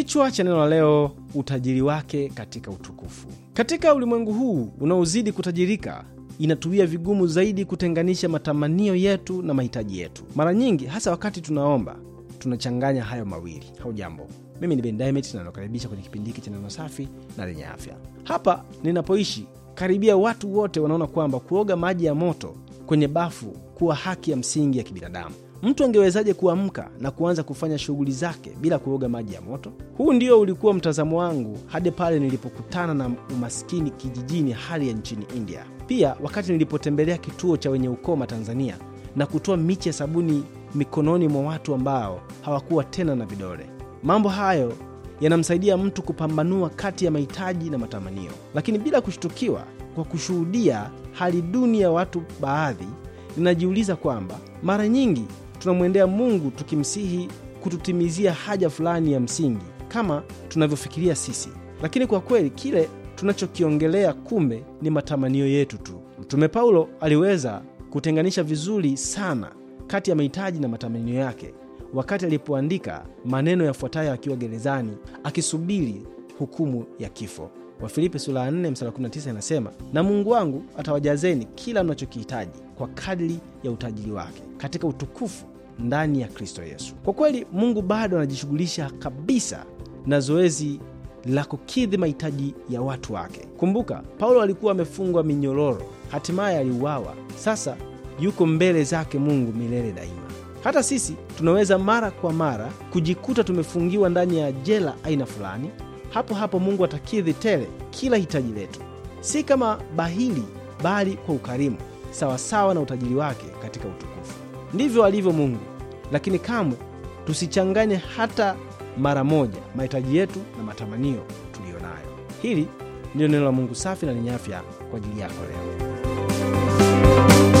Kichwa cha neno la leo, utajiri wake katika utukufu. Katika ulimwengu huu unaozidi kutajirika, inatuia vigumu zaidi kutenganisha matamanio yetu na mahitaji yetu. Mara nyingi, hasa wakati tunaomba, tunachanganya hayo mawili. jambo mimi ni Ben na nakaribisha kwenye kipindi hiki cha neno safi na lenye afya. Hapa ninapoishi, karibia watu wote wanaona kwamba kuoga maji ya moto kwenye bafu kuwa haki ya msingi ya kibinadamu. Mtu angewezaje kuamka na kuanza kufanya shughuli zake bila kuoga maji ya moto? Huu ndio ulikuwa mtazamo wangu hadi pale nilipokutana na umaskini kijijini hali ya nchini India. Pia wakati nilipotembelea kituo cha wenye ukoma Tanzania na kutoa michi ya sabuni mikononi mwa watu ambao hawakuwa tena na vidole. Mambo hayo yanamsaidia mtu kupambanua kati ya mahitaji na matamanio, lakini bila kushtukiwa kwa kushuhudia hali duni ya watu baadhi, ninajiuliza kwamba mara nyingi tunamwendea Mungu tukimsihi kututimizia haja fulani ya msingi kama tunavyofikiria sisi, lakini kwa kweli kile tunachokiongelea kumbe ni matamanio yetu tu. Mtume Paulo aliweza kutenganisha vizuri sana kati ya mahitaji na matamanio yake wakati alipoandika maneno yafuatayo akiwa gerezani akisubiri hukumu ya kifo. Wafilipi sura 4 mstari 19 inasema, na Mungu wangu atawajazeni kila mnachokihitaji kwa kadri ya utajiri wake katika utukufu ndani ya Kristo Yesu. Kwa kweli, Mungu bado anajishughulisha kabisa na zoezi la kukidhi mahitaji ya watu wake. Kumbuka, Paulo alikuwa amefungwa minyororo, hatimaye aliuawa. Sasa yuko mbele zake Mungu milele daima. Hata sisi tunaweza mara kwa mara kujikuta tumefungiwa ndani ya jela aina fulani. Hapo hapo Mungu atakidhi tele kila hitaji letu, si kama bahili, bali kwa ukarimu sawasawa na utajiri wake katika utukufu. Ndivyo alivyo Mungu, lakini kamwe tusichanganye hata mara moja mahitaji yetu na matamanio tuliyo nayo. Hili ndiyo neno la Mungu safi na lenye afya kwa ajili yako leo.